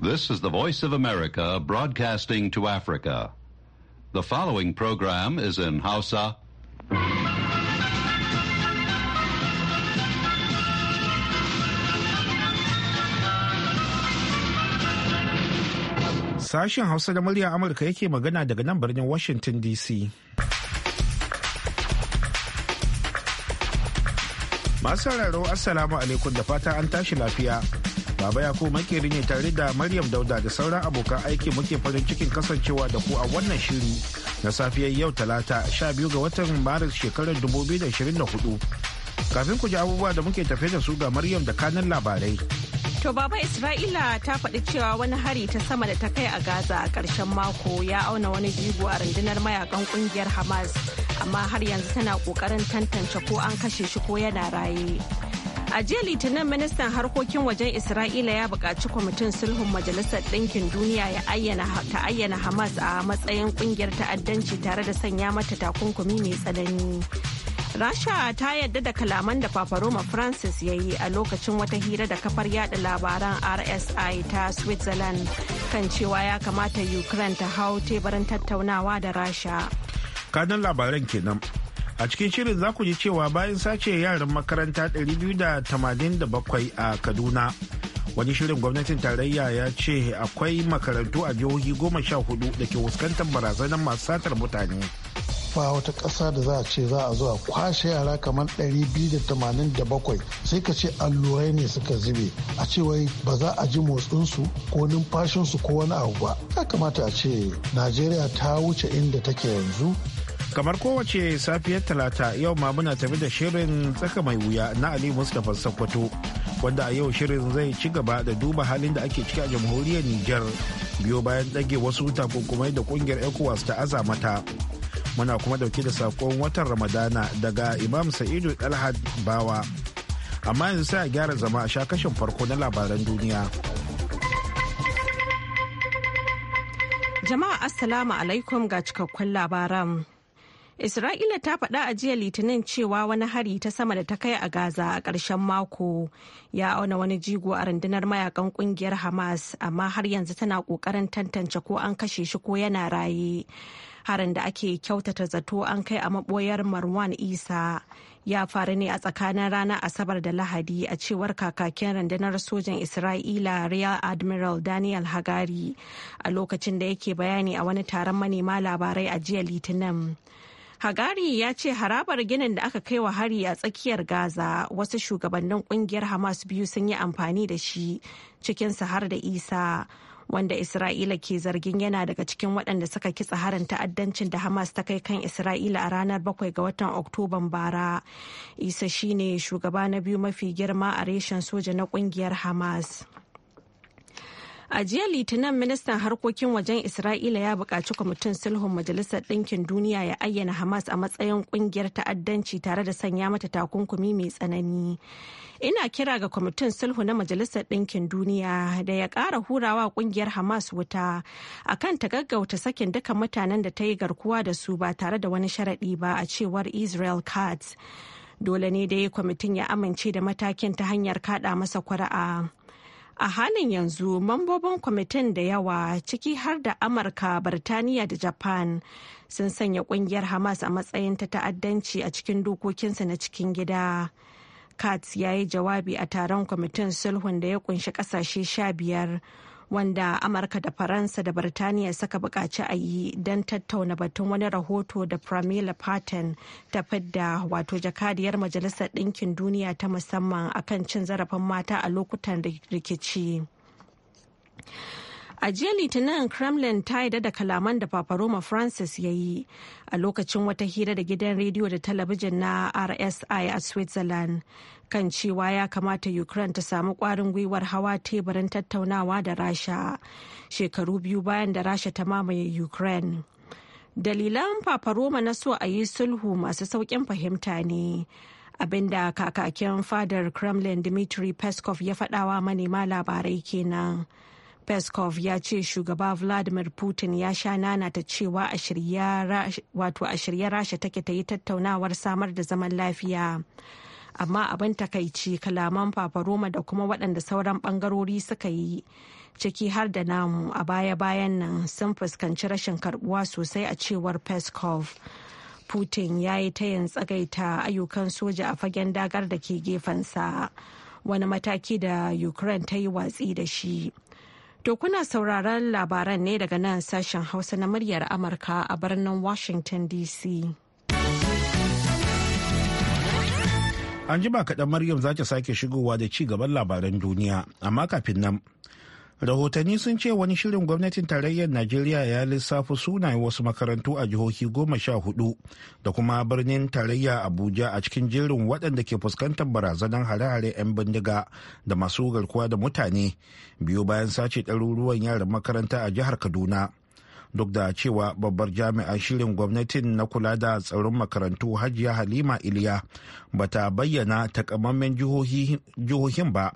This is the Voice of America broadcasting to Africa. The following program is in Hausa. Sashen Hausa da murya Amurka yake magana daga nan birnin Washington DC. Masu sauraro Assalamu alaikum da fata an tashi lafiya. Baba ya ko kiri ne tare da Maryam Dauda da sauran abokan aiki muke farin cikin kasancewa da ku a wannan shiri na safiyar yau talata 12 ga watan Maris shekarar 2024. Kafin ku ji abubuwa da muke tafe da su ga Maryam da kanan labarai. To baba Isra'ila ta faɗi cewa wani hari ta sama da ta kai a Gaza a ƙarshen mako ya auna wani jigo a rundunar mayakan ƙungiyar Hamas amma har yanzu tana ƙoƙarin tantance ko an kashe shi ko yana raye. A jiya Litinin ministan harkokin wajen Isra'ila ya buƙaci kwamitin sulhun Majalisar Ɗinkin Duniya ya ayyana ta ayyana Hamas a matsayin ƙungiyar ta'addanci tare da sanya mata takunkumi mai tsanani. Rasha ta yadda da kalaman da Paparoma Francis ya yi a lokacin wata hira da kafar yada labaran RSI ta Switzerland kan cewa ya kamata Ukraine ta hau tebarin tattaunawa da Rasha. Kanan labaran kenan a cikin shirin za ku ji cewa bayan sace yaran makaranta 287 a kaduna wani shirin gwamnatin tarayya ya ce akwai makarantu a jihohi goma sha hudu da ke fuskantar barazanar masu satar mutane ba wata ƙasa da za a ce za a zo a kwashe yara kamar 287 sai ka ce allurai ne suka zube a ce wai ba za a ji motsinsu ko numfashinsu ko wani abu ba ya kamata a ce najeriya ta wuce inda take yanzu kamar kowace safiyar talata yau ma muna tafi da shirin tsaka mai wuya na ali mustapha sakwato wanda a yau shirin zai ci gaba da duba halin da ake ciki a jamhuriyar niger biyo bayan ɗage wasu takunkumai da kungiyar ecowas ta azamata muna kuma dauke da sakon watan ramadana daga imam sa'idu alhad bawa amma yanzu sai a gyara zama a kashin farko na labaran duniya jama'a assalamu alaikum ga cikakkun labaran Isra'ila ta faɗa a jiya Litinin cewa wani hari ta sama da ta kai a Gaza a ƙarshen mako ya auna wani jigo a rundunar mayakan ƙungiyar Hamas amma har yanzu tana ƙoƙarin tantance ko an kashe shi ko yana raye. Harin da ake kyautata zato an kai a maɓoyar Marwan Isa ya faru ne a tsakanin ranar Asabar da Lahadi a cewar kakakin rundunar sojan Isra'ila real Admiral Daniel Hagari a lokacin da yake bayani a wani taron manema labarai a jiya Litinin. Hagari ya ce harabar ginin da aka kai wa hari a tsakiyar Gaza wasu shugabannin kungiyar Hamas biyu sun yi amfani da shi cikinsa har da Isa. Wanda Isra'ila ke zargin yana daga cikin waɗanda suka kitsa harin ta'addancin da Hamas ta kai kan Isra'ila a ranar 7 ga watan Oktoban bara. Isa shine shugaba na biyu mafi girma a reshen soja na ƙungiyar Hamas. A jiya Litinin ministan harkokin wajen Isra'ila ya buƙaci kwamitin sulhun Majalisar Ɗinkin Duniya ya ayyana Hamas a matsayin ƙungiyar ta'addanci tare da sanya mata takunkumi mai tsanani. Ina kira ga kwamitin sulhu na Majalisar Ɗinkin Duniya da ya ƙara hurawa ƙungiyar Hamas wuta akan ta gaggauta sakin duka mutanen da ta yi garkuwa da su ba tare da wani sharaɗi ba a cewar Israel Cards. Dole ne dai kwamitin ya amince da matakin ta hanyar kaɗa masa kuri'a. a halin yanzu mambobin kwamitin da yawa ciki har da amurka birtaniya da japan sun sanya kungiyar hamas a matsayin ta ta'addanci a cikin dokokinsa na cikin gida Kat ya yi jawabi a taron kwamitin sulhun da ya kunshi kasashe sha biyar wanda amurka da faransa da birtaniya suka buƙaci a yi don tattauna batun wani rahoto da pramila patton ta fidda wato jakadiyar majalisar ɗinkin duniya ta musamman akan cin zarafin mata a lokutan rikici A jiya Litinin Kremlin ta yi da kalaman da Paparoma Francis ya yi a lokacin wata hira da gidan rediyo da talabijin na RSI a Switzerland kan cewa ya kamata Ukraine ta samu kwarin gwiwar hawa teburin tattaunawa da Rasha shekaru biyu bayan da Rasha ta mamaye Ukraine. Dalilan Paparoma na so a yi sulhu masu saukin fahimta ne. abinda kakakin fadar kremlin dmitry peskov ya faɗawa manema labarai kenan peskov ya ce shugaba vladimir putin ya sha nana ta cewa a shirye rasha take ta yi tattaunawar samar da zaman lafiya amma abin takaici kalaman fafaroma da kuma waɗanda sauran bangarori suka yi ciki har da namu a baya-bayan nan sun fuskanci rashin karbuwa sosai a cewar peskov putin ya yi tayin tsagaita ayyukan soja a fagen dagar da ke gefensa wani mataki da ukraine ta yi watsi da shi To kuna sauraron labaran ne daga nan sashen Hausa na muryar Amurka a birnin Washington DC. An jima kaɗan Maryam za ta sake shigowa da ci gaban labaran duniya, amma kafin nan rahotanni sun ce wani shirin gwamnatin tarayyar najeriya ya lissafi sunayen wasu makarantu a jihohi goma sha hudu da kuma birnin tarayya abuja a cikin jerin waɗanda ke fuskantar barazanar hare-hare 'yan bindiga da masu garkuwa da mutane biyu bayan sace ɗaruruwan yaran makaranta a jihar kaduna duk da cewa babbar jami'an shirin gwamnatin na kula da tsaron makarantu hajiya halima iliya bata bayyana takamammen jihohin ba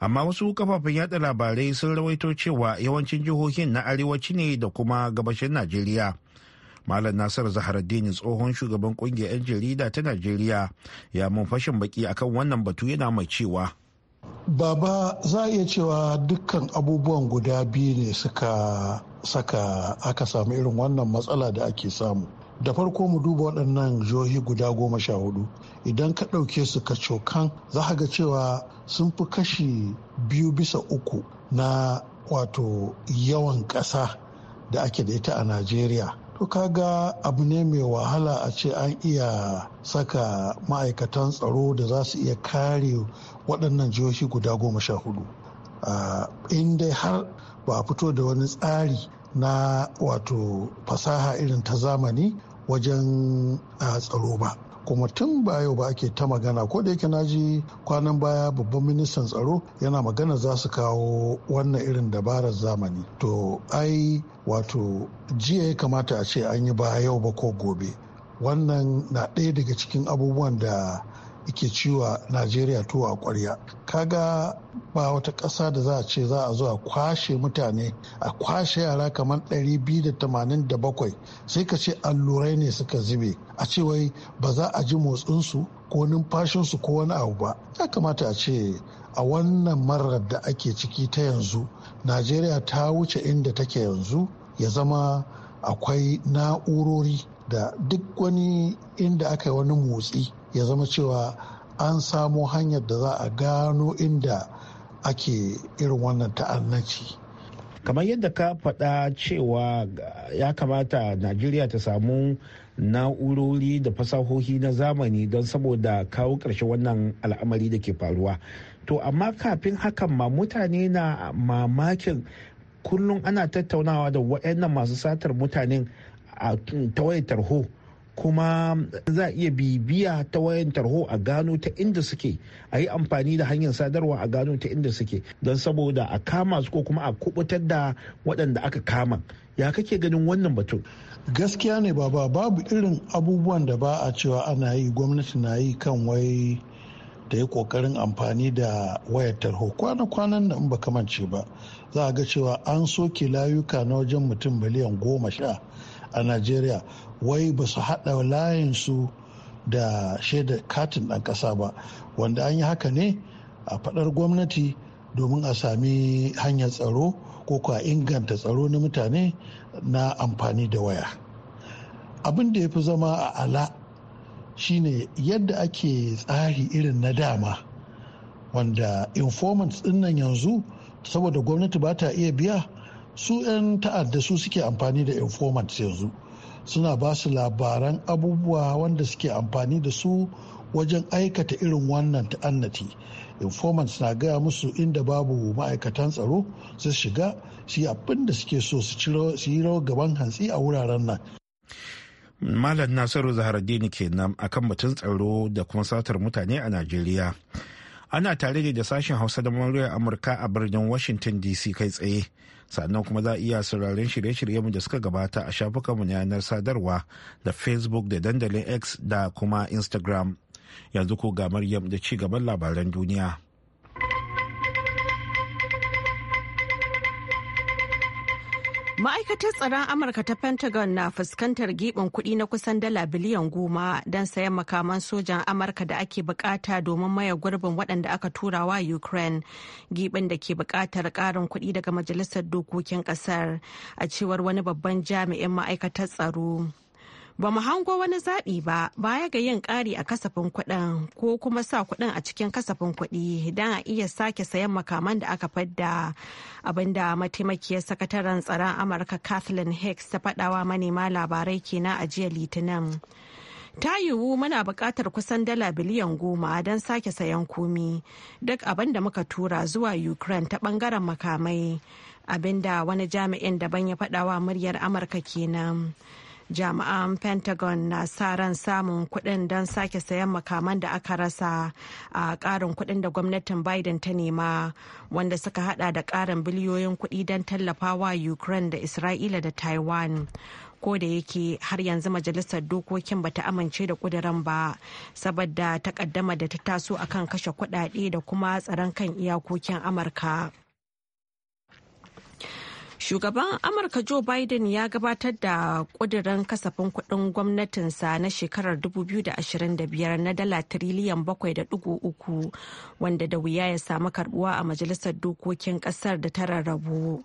amma wasu kafafen yada labarai sun rawaito cewa yawancin jihohin na arewaci ne da kuma gabashin najeriya malam nasar zaharaddini tsohon shugaban kungiyar 'yan jarida ta najeriya ya mun fashin baki akan wannan batu yana mai cewa baba za a iya cewa dukkan abubuwan guda biyu ne suka saka aka samu irin wannan matsala da ake samu da farko mu duba waɗannan jihohi guda goma sha hudu idan ka ɗauke su ka cokan za ka ga cewa sun fi kashi biyu bisa uku na wato yawan ƙasa da ake da ita a najeriya to kaga abu ne mai wahala a ce an iya saka ma'aikatan tsaro da za su iya kare waɗannan jihohi guda goma sha hudu ah, in dai har ba a fito da wani tsari na wato fasaha irin ta zamani wajen tsaro ba kuma tun ba yau ba ake ta magana ko da yake naji kwanan baya babban ministan tsaro yana magana za su kawo wannan irin dabarar zamani to ai wato jiya ya kamata a ce an yi ba yau ba ko gobe wannan na ɗaya daga cikin abubuwan da ke ciwa najeriya tuwa a kwarya kaga ba wata ƙasa da za a ce za a zo a kwashe mutane a kwashe yara kamar 287 sai ka ce allurai ne suka zube a ce wai ba za a ji motsinsu ko numfashinsu ko wani abu ba ya kamata a ce a wannan marar da ake ciki ta yanzu najeriya ta wuce inda take yanzu ya zama akwai na'urori da duk wani inda aka yi wani motsi ya zama cewa an samo hanyar da za a gano inda ake irin wannan ta'annaci. kamar yadda ka faɗa cewa ya kamata najeriya ta samu na'urori da fasahohi na zamani don saboda kawo ƙarshe wannan al'amari da ke faruwa to amma kafin hakan ma mutane na mamakin kullum ana tattaunawa da waɗannan masu satar mutanen a tawayar tarho kuma za iya bibiya ta wayan tarho a gano ta inda suke a yi amfani da hanyar sadarwa a gano ta inda suke don saboda a kama su ko kuma a kubutar da waɗanda aka kama ya kake ganin wannan batun gaskiya ne baba babu irin abubuwan da ba a cewa ana yi gwamnati na yi kan wai da ya kokarin amfani da wayar tarho kwana-kwanan da in ba kamance ba za a ga cewa an soke layuka na wajen mutum miliyan goma sha a najeriya wai ba su haɗa layinsu da shaidar katin ɗan ƙasa ba wanda an yi haka ne a faɗar gwamnati domin a sami hanyar tsaro ko kuwa inganta tsaro na mutane na amfani da waya abin da ya fi zama a ala shine yadda ake tsari irin na dama wanda informants ɗinnan yanzu saboda gwamnati ba ta iya biya su 'yan ta'adda su suke amfani da informant yanzu suna ba su labaran abubuwa wanda suke amfani da su wajen aikata irin wannan ta'annati informants na gaya musu inda babu ma'aikatan tsaro su shiga su yi abin da suke so su yi rawar gaban hantsi a wuraren nan malam nasiru zaharaddini kenan akan batun tsaro da kuma satar mutane a najeriya ana tare da sashen hausa da muryar amurka a birnin washington dc kai tsaye sannan kuma za a iya sauraron shirye-shiryenmu da suka gabata a shafukanmu na yanar sadarwa da facebook da dandalin x da kuma instagram yanzu ko ga maryam da ci gaban labaran duniya Ma'aikatar tsaron Amurka ta Pentagon na fuskantar giɓin kuɗi na kusan dala biliyan goma don sayan makaman sojan Amurka da ake bukata domin maye gurbin waɗanda aka tura wa Ukraine. Giɓin da ke bukatar ƙarin kuɗi daga Majalisar Dokokin ƙasar a cewar wani babban jami'in ma'aikatar tsaro. ba mu hango wani zaɓi ba baya ga yin ƙari a kasafin kuɗin ko kuma sa kuɗin a cikin kasafin kuɗi don a iya sake sayan makaman da aka fadda abinda mataimakiyar sakataren tsaron amurka kathleen hicks ta faɗawa manema labarai kenan a jiya litinin ta yiwu muna buƙatar kusan dala biliyan goma don sake sayan komi duk abin da muka tura zuwa ukraine ta ɓangaren makamai abinda wani jami'in daban ya faɗawa muryar amurka kenan jami'an pentagon na sa ran samun kuɗin don sake sayan makaman da aka rasa a ƙarin kuɗin da gwamnatin biden ta nema wanda suka hada da ƙarin biliyoyin kuɗi don tallafawa ukraine da isra'ila da taiwan ko da yake har yanzu majalisar dokokin bata amince da kudiran ba saboda takaddama da ta taso akan kashe kudade da kuma tsaron kan iyakokin amurka Shugaban Amurka Joe Biden ya gabatar da ƙudurin kasafin kuɗin gwamnatinsa na shekarar 2025 na dala tiriliyan 7.3 wanda da wuya ya samu karbuwa a Majalisar Dokokin ƙasar da ta rarrabu.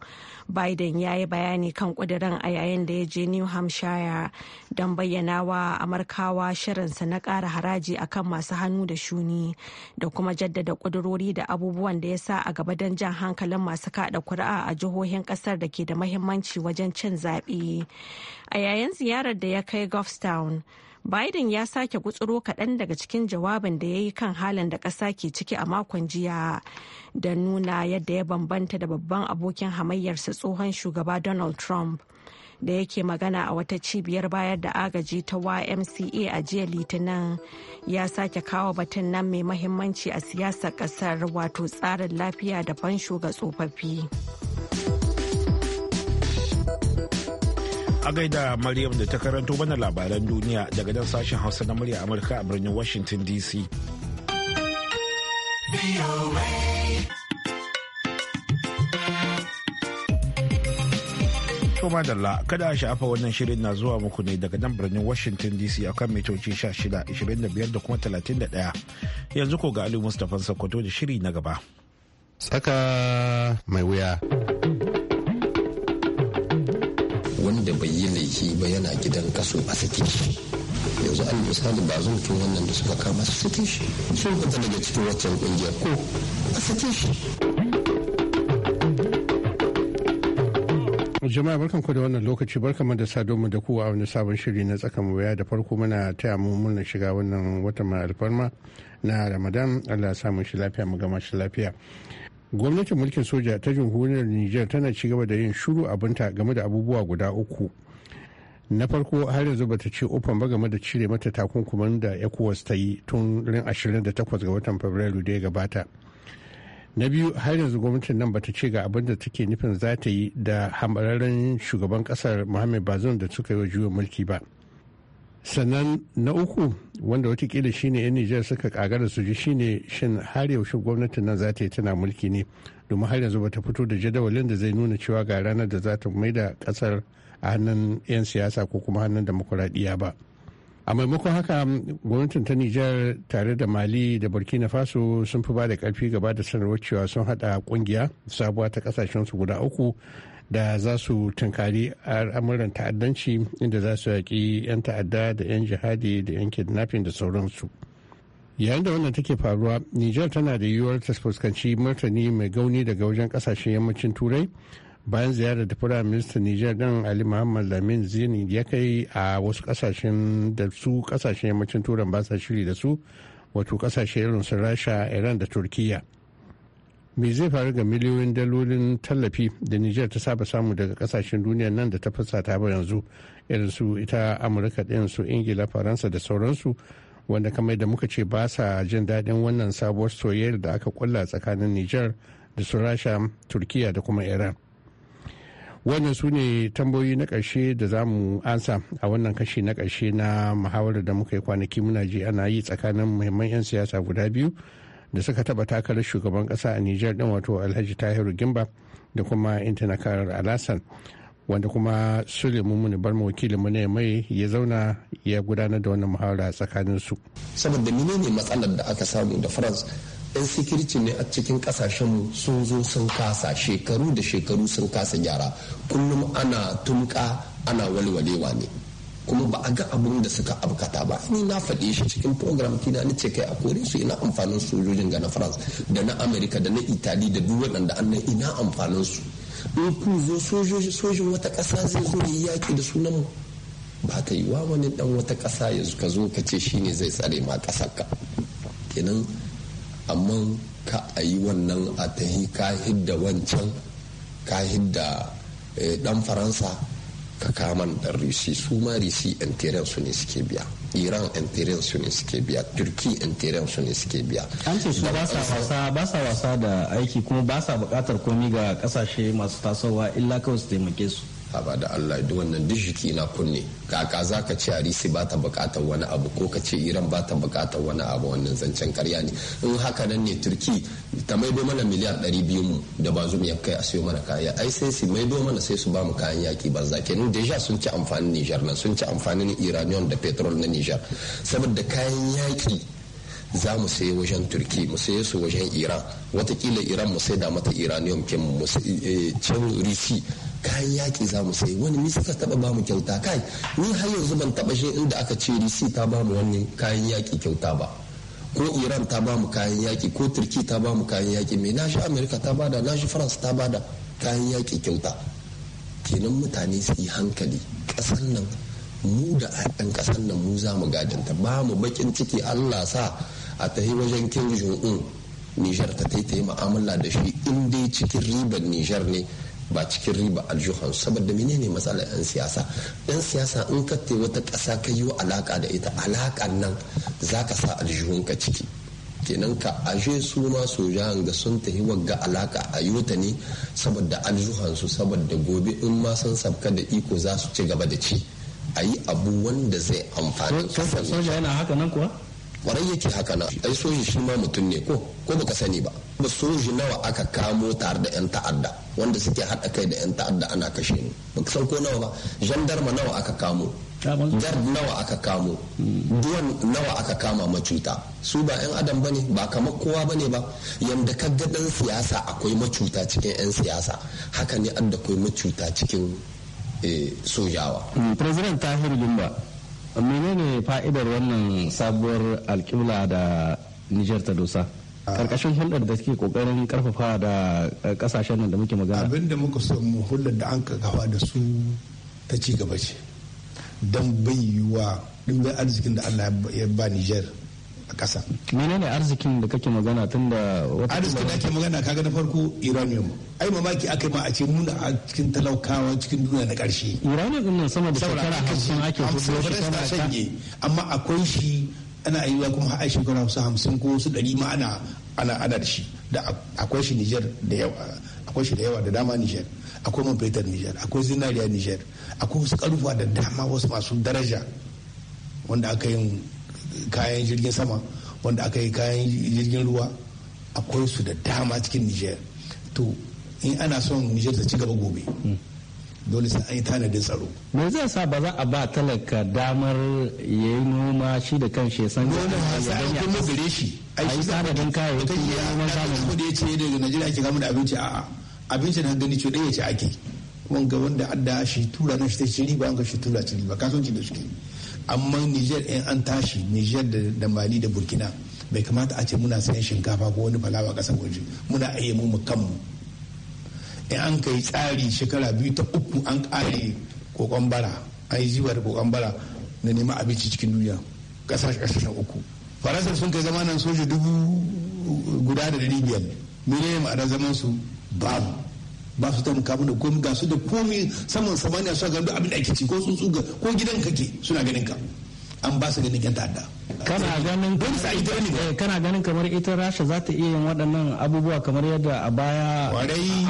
Biden ya yi bayani kan ƙudurin a yayin da ya je New Hampshire don bayyana wa Amurkawa shirinsa na ƙara haraji akan masu hannu da shuni da kuma jaddada ƙudurori da abubuwan da ya sa a gaba don jan hankalin masu kaɗa kuri'a a jihohin ƙasar da ke da mahimmanci wajen cin zaɓe. A yayin ziyarar da ya kai Govstown, Biden ya sake gutsuro kaɗan daga cikin jawabin da ya yi kan halin da ƙasa ke ciki a makon jiya da nuna yadda ya bambanta da babban abokin hamayyarsa tsohon shugaba Donald Trump. da yake magana a wata cibiyar bayar da agaji ta YMCA a jiya litinin ya sake kawo batun nan mai mahimmanci a siyasar kasar wato tsarin lafiya da fansho ga tsofaffi. a gaida Maryam da ta karanto mana labaran duniya daga dan sashen Hausa na murya Amurka a birnin Washington DC. Toma Dalla kada a shafa wannan shirin na zuwa muku ne daga nan birnin Washington DC a kan mitoci 16, 25 da kuma 31. Yanzu ko ga Ali Mustapha Sokoto da shiri na gaba. Tsaka mai wuya. wanda bai yi laifi ba yana gidan kaso a sake shi yanzu an misali ba zumfin wannan da suka kama su sake shi sun fita daga cikin waccan kungiyar ko a sake shi jama'a barkan ku da wannan lokaci barkan da sado mu da kowa wani sabon shiri na tsakan waya da farko muna taya mu muna shiga wannan watan mai alfarma na ramadan allah ya samu shi lafiya mu gama shi lafiya gwamnatin mulkin soja ta jamhuriyar niger tana ci gaba da yin shuru abinta game da abubuwa guda uku na farko har yanzu bata ce ofan ba game da cire mata takunkuman da ecowas ta yi tun ran 28 ga watan fabrairu da ya gabata na biyu har yanzu gwamnatin nan bata ce ga abin da take nufin za ta yi da hamararren shugaban kasar muhammad bazoum da suka yi wa juyin mulki ba sannan na uku wanda watakila shine yan nijar suka kagara su ji shine shin har yaushe gwamnatin nan za ta yi tana mulki ne domin har yanzu bata fito da jadawalin da zai nuna cewa ga ranar da za ta mai da kasar a hannun 'yan siyasa ko kuma hannun demokuraɗiyya ba a maimakon haka gwamnatin ta nijar tare da mali da burkina faso sun fi ba da karfi gaba da sanarwar cewa sun hada kungiya sabuwa ta su guda uku da za su tunkari al'amuran ta'addanci inda za su yaƙi 'yan ta'adda da 'yan jihadi da 'yan kidnapping da sauransu yayin da wannan take faruwa niger tana da yiwuwar ta fuskanci martani mai gauni daga wajen kasashen yammacin turai bayan ziyarar da firayim ministan niger din ali muhammad lamin zini ya kai a wasu kasashen da su kasashen yammacin turan ba sa shiri da su wato kasashe irin su rasha iran da turkiya me zai faru ga miliyoyin dalolin tallafi da niger ta saba samu daga kasashen duniya nan da ta fasata ba yanzu irin su ita amurka ɗin su ingila faransa da sauransu wanda kamar da muka ce ba sa jin daɗin wannan sabuwar soyayyar da aka kulla tsakanin niger da su rasha turkiya da kuma iran wannan su ne tambayoyi na ƙarshe da za mu ansa a wannan kashi na ƙarshe na muhawarar da muka yi kwanaki muna ji ana yi tsakanin muhimman 'yan siyasa guda biyu da suka taba takarar shugaban kasa a Nijar din wato Alhaji Tahiru Gimba da kuma Intanakarar Alasan wanda kuma Suleiman Muni Barma wakilin mu ne mai ya zauna ya gudanar da wannan muhawara tsakanin su. Saboda menene matsalar da aka samu da France 'yan sikirci ne a cikin kasashen sun zo sun kasa shekaru da shekaru sun kasa gyara kullum ana tumka ana walwalewa ne. kuma ba a ga abin da suka abkata ba ni na faɗi shi cikin program kina ni ce kai a kore su ina amfanin sojojin ga na France da na America da na itali da duk waɗanda annan ina amfanin su in ku zo sojoji sojin wata ƙasa zai zo yi yaƙi da sunan mu ba ta yi wa wani dan wata ƙasa ya ka zo ka ce shine zai tsare ma ƙasar ka kenan amma ka a yi wannan a tahi ka hidda wancan ka hidda dan eh, faransa ka kaman dan risi su ma risi interior su ne suke biya iran interior su ne suke biya turki interior su ne suke biya an ce su ba sa wasa ba sa wasa da aiki kuma ba sa bukatar komi ga kasashe masu tasowa illa kawai su taimake su haba da Allah duk wannan duk jiki na kunne kaka za ka ce arisi ba ta bukatar wani abu ko ka ce iran ba ta bukatar wani abu wannan zancen karya ne in haka nan ne turki ta maido mana miliyan ɗari biyu mu da ba zum kai a siyo mana kaya ai sai su maido mana sai su ba mu kayan yaki ba za ke deja sun ci amfanin nijar nan sun ci amfanin iraniyon da petrol na nijar saboda kayan yaki za mu sayi wajen turki mu sayi su wajen iran watakila iran mu sai da mata iranium kin mu eh, eh, can risi kayan yaƙi za mu sayi wani misa suka taɓa bamu kyauta kai ni har yanzu ban taba shi inda aka ce risi ta bamu wani kayan yaƙi kyauta ba ko iran ta bamu kayan yaƙi ko turki ta bamu kayan yaƙi mai shi amerika ta bada na shi france ta bada kayan yaƙi kyauta kenan mutane su yi hankali ƙasar nan mu da 'yan ƙasar nan mu za mu gajanta ba mu bakin ciki allah sa a tahi wajen king jong nijar ta yi mu'amala da shi in dai cikin ribar nijar ne ba cikin riba aljuhan saboda menene matsalar yan siyasa yan siyasa in ka te wata ƙasa ka yi alaka da ita alakan nan za ka sa ka ciki kenan ka ashe su ma sojan ga sun tafi wagga alaka a yota ne saboda aljuhan su saboda gobe in ma sun sabka da iko za su ci gaba da ci a yi abu wanda zai amfani soja yana kwarai yake haka na ai soji shi ma mutum ne ko ko baka sani ba kuma soji nawa aka kamo tare da yan ta'adda wanda suke haɗa kai da yan ta'adda ana kashe ni baka san ko nawa ba gendarma nawa aka kamo gard nawa aka kamo duwan nawa aka kama macuta su ba 'yan adam bane ba kamar kowa bane ba yanda ka ga dan siyasa akwai macuta cikin 'yan siyasa haka ne da akwai macuta cikin eh, sojawa mm, president tahir jumba ne fa'idar wannan sabuwar alƙibla da nijar ta dosa ah. karkashin hulɗar da suke kokarin karfafa da kasashen eh, nan da muke magana abin da muka so mu hulɗar da an kafa da su ta ci gaba ce don bai yiwuwa bai arzikin da allah ya ba nijar a ƙasa. menene arzikin da kake magana tun da wata arzikin da ake magana kaga na farko uranium ai mamaki aka yi ma a ce muna a cikin talaukawa cikin duniya na ƙarshe uranium din nan sama da shekara hamsin ake fito ta. amma akwai shi ana ayyuka kuma har shekara hamsin ko su ɗari ma ana ana ana da shi da akwai shi Niger da yawa akwai shi da yawa da dama Niger akwai man fetur Niger akwai zinariya Niger akwai wasu karufa da dama wasu masu daraja wanda aka yin kayan jirgin sama wanda aka yi kayan jirgin ruwa akwai su da dama cikin niger to in ana son niger ta ci gaba gobe dole sai an yi tanadin tsaro me zai sa ba za a ba talaka damar ya yi noma shi da kan shi san ya ya kuma gare shi ai shi tanadin kayayyaki ya noma zamani da ya ce daga najeriya ake gamu da abinci a abinci na gani ɗaya ce ake wanga wanda adda shi tura na shi ta shiri ba an ga shi tura shiri ba kasuwanci da suke amma niger in an tashi niger da mali da burkina bai kamata a ce muna sayan shinkafa ko wani falawa ƙasar waje muna iya mu kanmu in an kai tsari shekara biyu ta uku an ƙare kokon bara an yi ziwa da kokon bara na neman abinci cikin duniya ƙasashen uku faransa sun kai zamanin soja dubu guda da dari biyar miliyan ma'anar zaman su babu ba su muka mana komi ga su da komi saman samaniya suna ganin abin da ake ci ko tsuntsu ko gidan kake suna ganin ka an ba su ganin yan da. kana ganin eh, kana ganin kamar ita rasha za ta iya yin waɗannan abubuwa kamar yadda a baya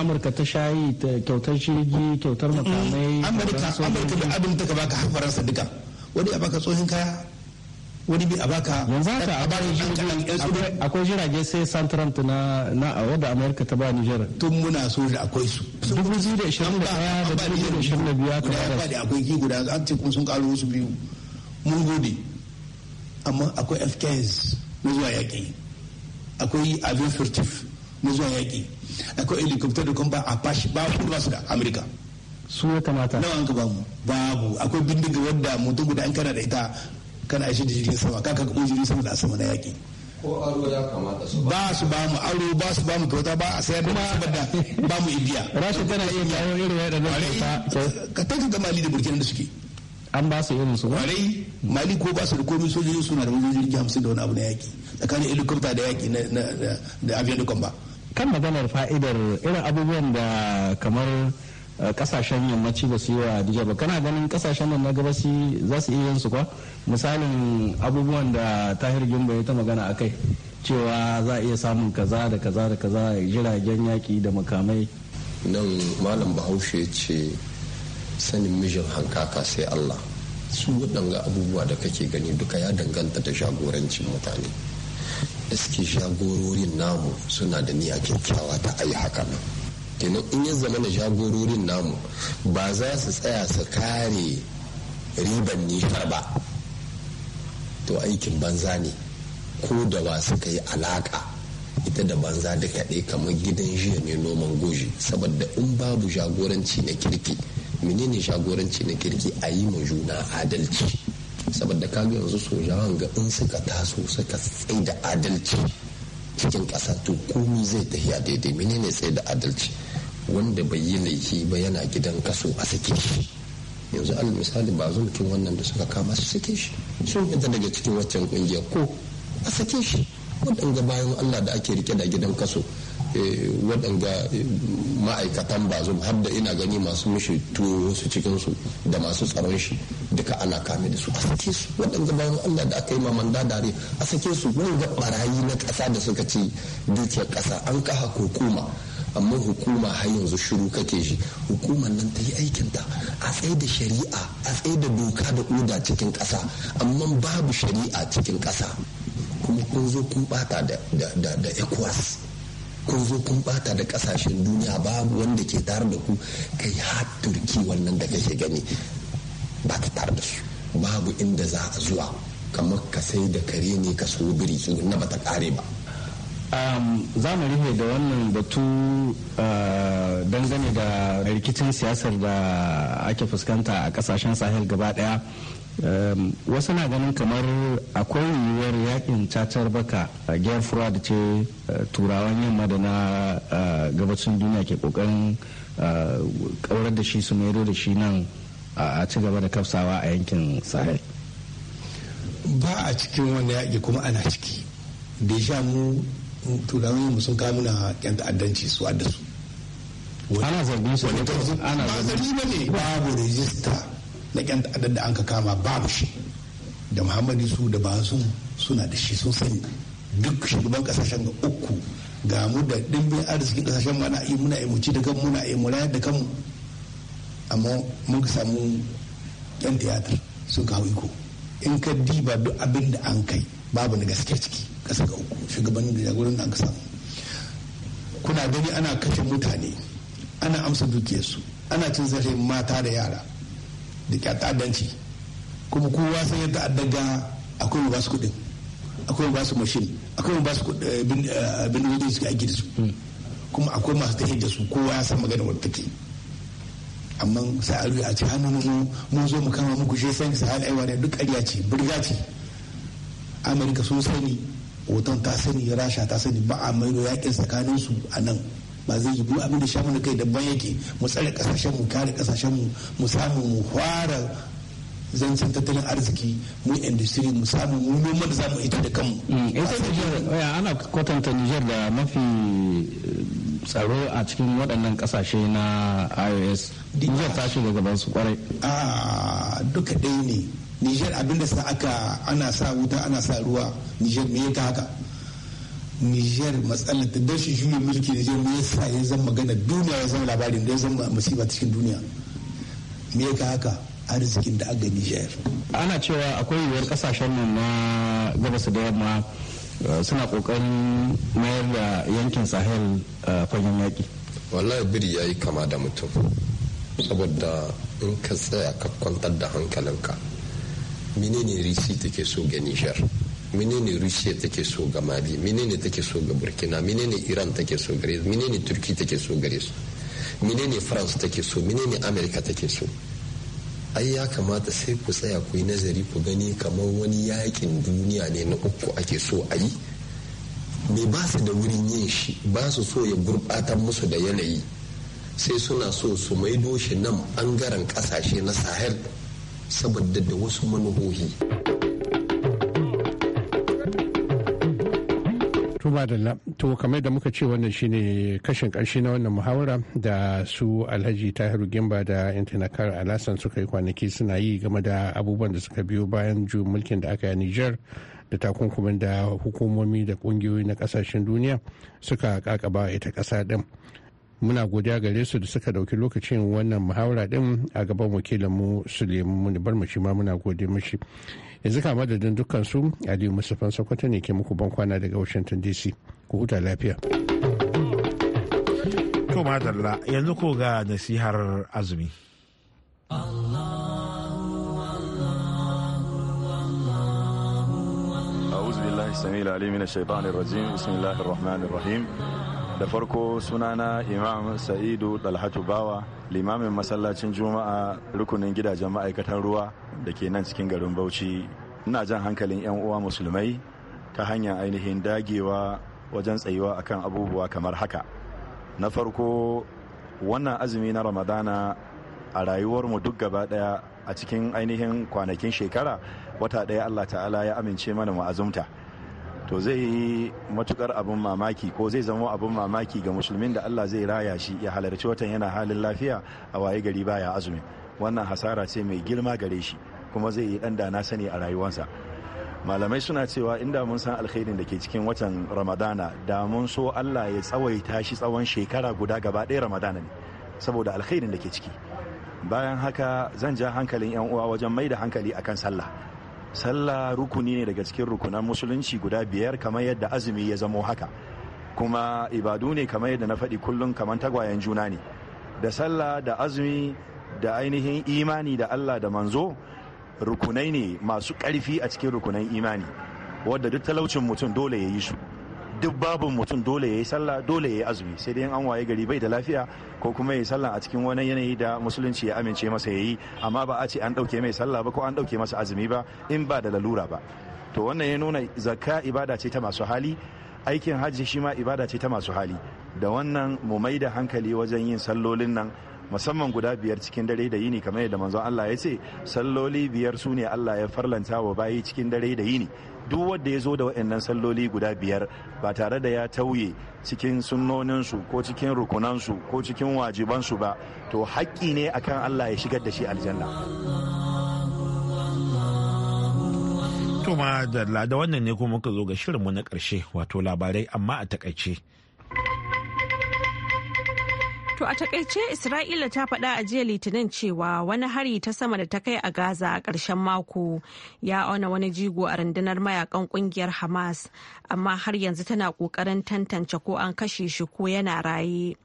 amurka ta shayi kyautar shirgi kyautar makamai amurka amurka da abin ta ka baka har faransa duka wani ya baka tsohon kaya wani bi a baka yanzu haka akwai jirage sai santrant na na a wadda amerika ta ba nijar tun muna so da akwai su dubu biyu da ishirin da ɗaya da dubu biyu da ishirin da biyu aka fara da akwai ki guda an ce kun sun karo wasu biyu mun gode amma akwai f-15 na zuwa yaƙi akwai avion furtif na zuwa yaƙi akwai helicopter da kuma ba a fashi ba kuma su da amurka su ya kamata nawa an ka bamu babu akwai bindiga wadda mutum guda an kana da ita kana ishe da jirgin sama kaka kuma jirgin sama da sama na yaƙi ko aro ya kamata su ba su ba mu aro ba su ba mu kyauta ba a sayar da saboda ba mu ibiya rashin tana iya kawo irin na kyauta ka tanka ga mali da burkina da suke an ba su irin su kwarai mali ko ba su da komai sojojin suna da wajen jirgin hamsin da wani abu na yaƙi tsakanin helicopter da yaƙi na aviyan da kwamba kan maganar fa'idar irin abubuwan da kamar Eh, kasashen yammaci da su yi wa Nijar ba kana ganin kasashen nan na gabasi za su iya yin su kwa misalin abubuwan da tahir gimba ya ta magana a kai cewa za a iya samun kaza da kaza da kaza jiragen yaƙi da makamai nan malam bahaushe ce sanin mijin hankaka sai allah su waɗanga abubuwa da kake gani duka ya danganta da jagorancin mutane iski jagororin namu suna da niyya kyakkyawa ta ayi haka nan kenan in ya zama na jagororin namu ba za su tsaya su kare riban nishar ba to aikin banza ne ko da ba suka yi alaka ita da banza da kaɗai kamar gidan jiya ne noman goji saboda in babu jagoranci na kirki menene jagoranci na kirki a yi ma juna adalci saboda kaga yanzu sojawan ga in suka taso suka tsaye da adalci cikin ƙasa to komi zai tafiya daidai menene tsaye da adalci wanda bai yi laifi ba yana gidan kaso a sake shi yanzu al misali ba zo mutum wannan da suka kama su sake shi sun yadda daga cikin waccan kungiya ko a sake shi waɗanga bayan allah da ake rike da gidan kaso eh, waɗanga eh, ma'aikatan ba bazum har da ina gani masu mishi tuwo wasu cikinsu da masu tsaron shi duka ana kame da su a sake su waɗanga bayan allah da aka yi ma manda dare a sake su wani ga barayi na ƙasa da suka ci dukiyar ƙasa an kaha hukuma amma hukuma har yanzu shiru kake shi hukumar nan ta yi aikinta a tsaye da shari'a a tsaye da doka da oda cikin ƙasa amma babu shari'a cikin ƙasa kuma kun zo kun bata da da ecowas kun zo kun bata da kasashen duniya babu wanda ke tare da ku kai har turki wannan da kake gani ba ta tare da su babu inda za a zuwa kamar ka sai da kare ne ka so biri na ta kare ba Um, za mu rufe da wannan batu uh, dangane da rikicin siyasar da ake fuskanta a kasashen sahel gaba daya um, wasu na ganin kamar akwai yiwuwar yakin cacar baka uh, a da ce uh, turawan yamma da na gabacin duniya ke kokarin kaurar da shi su mero da shi nan a ci gaba da kafsawa a yankin sahel ba a cikin wani yaƙi kuma ana ciki da mu turawan mu sun kawo muna yan ta'addanci su a su ana zargin su ne kansu ana zargin ba ne babu rejista na yan ta'addan da an ka kama babu shi da muhammadu su da ba su suna da shi sun sani duk shugaban kasashen ga uku ga mu da dimbin arzikin kasashen mu ana yi muna yi mu ci da kanmu muna yi mu rayar da kanmu amma mun samu yan tiyatar sun kawo iko in ka diba duk abin da an kai babu na gaske ciki ƙasa ga uku shugabannin da jagoran da aka samu kuna gani ana kashe mutane ana amsa dukiyarsu ana cin zarafi mata da yara da ke ta'addanci kuma kowa sai yadda addaga akwai mu basu kuɗin akwai mu basu mashin akwai mu basu abin da suke aiki da su hmm. kuma akwai masu tafi da su kowa ya san magana wadda take amma sai a rufe a ce hannun ah, hannu mun zo mu kama muku shi sani sahal aiwa ne duk ƙarya ce burga ce amurka sun sani hoton ta sani rasha ta sani ba a maido yakin tsakanin su a nan ba zai yi duk abin da shamu na kai daban yake mu tsare kasashen mu kare kasashen mu mu samu mu fara zancen tattalin arziki mu industry mu samu mu noma da zamu ita da kanmu mm, ana kwatanta Niger da mafi eh, tsaro a cikin waɗannan ƙasashe na ios Niger ta shiga gaban su kwarai a ah, duka ɗaya ne niger abinda sa aka ana sa wuta ana sa ruwa niger me ya haka niger matsalar da dashi juyin mulki niger me yasa ya zama magana duniya ya zama labarin da ya zama musiba cikin duniya me ya haka arzikin da aka niger ana cewa akwai yiwuwar kasashen nan na gabas da yamma eh, suna kokarin mayar da yankin sahel eh, fagen yaki. wallahi biri ya yi kama da mutum saboda in ka tsaya ka kwantar da hankalinka menene risi take so ga nishar menene russia take so ga mali menene take so ga burkina menene iran take so gare su menene turki take so gare su menene france take so menene america take so ai ya kamata sai ku tsaya ku yi nazari ku gani kamar wani yakin duniya ne na uku ake so a yi me ba su da wurin yin shi ba su so ya gurbatar musu da yanayi sai suna so su maido shi nan ɓangaren kasashe na sahel saboda da wasu manuhohi. to kamar da muka ce wannan shine kashin ƙarshe na wannan muhawara da su Alhaji Tahiru Gimba da Intanakar Alasan suka yi kwanaki suna yi game da abubuwan da suka biyo bayan juyin mulkin da aka yi a Nijar da takunkumin da hukumomi da ƙungiyoyi na kasashen duniya suka kakaba ita kasa ɗin. muna godiya gare su da suka dauki lokacin wannan muhawara din a gaban wakilinmu suleiman bar mu shi ma muna gode mishi yanzu kama da dukkan su aliyu musufan sokoto ne ke muku ban kwana daga washington dc ku huta lafiya to madalla yanzu ko ga nasihar azumi أعوذ بالله السميع العليم من الشيطان الرجيم بسم الله الرحمن الرحيم da farko sunana imam sa'idu dalhatu bawa limamin masallacin juma'a rukunin gidajen ma'aikatan ruwa da ke nan cikin garin bauchi ina jan hankalin 'yan uwa musulmai ta hanyar ainihin dagewa wajen tsayuwa akan abubuwa kamar haka na farko wannan azumi na ramadana a rayuwarmu duk gaba daya a cikin ainihin kwanakin shekara wata daya allah ta'ala ya amince mana mu azumta to zai yi matukar abin mamaki ko zai zama abin mamaki ga musulmin da Allah zai raya shi ya halarci watan yana halin lafiya a waye gari baya azumin wannan hasara ce mai girma gare shi kuma zai yi dan da na sani a rayuwarsa malamai suna cewa inda mun san alkhairin da ke cikin watan ramadana da mun so Allah ya tsawaita shi tsawon shekara guda gaba ɗaya ramadana ne saboda alkhairin da ke ciki bayan haka zan ja hankalin yan uwa wajen mai da hankali akan sallah sallah rukuni ne daga cikin rukunan musulunci guda biyar kamar yadda azumi ya zamo haka kuma ibadu ne kamar yadda na faɗi kullum kamar tagwayen juna ne da sallah da azumi da ainihin imani da allah da manzo rukunai ne masu ƙarfi a cikin rukunan imani wadda duk talaucin mutum dole ya yi su duk babu mutum dole ya yi sallah dole ya yi azumi sai dai an waye gari bai da lafiya ko kuma ya yi sallah a cikin wani yanayi da musulunci ya amince masa ya yi amma ba a ce an ɗauke mai sallah ba ko an ɗauke masa azumi ba in ba da lalura ba to wannan ya nuna zakka ibada ce ta masu hali aikin hajji shi ma ibada ce ta masu hali da wannan mu mai da hankali wajen yin sallolin nan musamman guda biyar cikin dare da yini kamar yadda manzon Allah ya ce salloli biyar su ne Allah ya farlanta wa bayi cikin dare da yini duk wanda ya zo da waɗannan salloli guda biyar ba tare da ya tauye cikin sunnoninsu ko cikin rukunansu ko cikin wajibansu ba to haƙƙi ne akan Allah ya shigar da shi aljanna. To ma da wannan ne kuma muka zo ga shirinmu na karshe wato labarai amma a takaice. To a takaice Isra'ila ta faɗa a jiya Litinin cewa wani hari ta sama da ta kai a Gaza a ƙarshen mako ya auna wani jigo a rundunar mayakan ƙungiyar Hamas amma har yanzu tana ƙoƙarin tantance ko an kashe shi ko yana raye.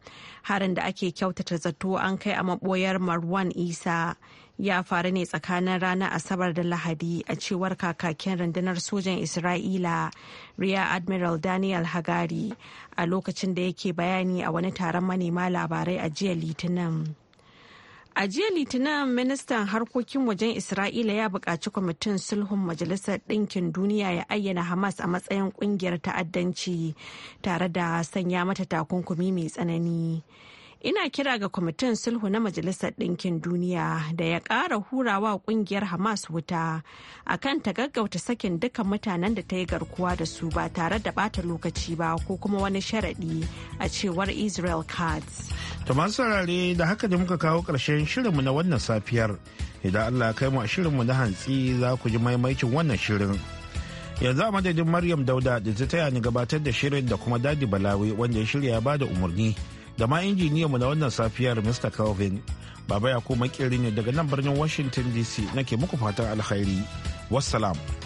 Harin da ake kyautata zato an kai a maɓoyar Marwan Isa. ya faru ne tsakanin ranar asabar da lahadi a cewar kakakin rundunar sojan isra'ila rear admiral daniel hagari a lokacin da yake bayani a wani taron manema labarai a jiya litinin A jiya Litinin ministan harkokin wajen Isra'ila ya buƙaci kwamitin sulhun Majalisar Ɗinkin Duniya ya ayyana Hamas a matsayin ƙungiyar ta'addanci tare da sanya mata takunkumi mai tsanani. ina kira ga kwamitin sulhu na majalisar ɗinkin duniya da ya ƙara hurawa ƙungiyar hamas wuta a kan ta gaggauta sakin dukkan mutanen da ta yi garkuwa da su ba tare da bata lokaci ba ko kuma wani sharaɗi a cewar israel cards ta masu saurare da haka da muka kawo ƙarshen shirinmu na wannan safiyar idan allah kai mu a shirinmu na hantsi za ku ji maimaicin wannan shirin yanzu a madadin maryam dauda da ta taya ni gabatar da shirin da kuma dadi balawi wanda ya shirya ya bada umarni da ma injiniyanmu na wannan safiyar Mr. Calvin. Baba ya kuma ne daga nan birnin Washington DC nake muku fatan alkhairi. Wassalam.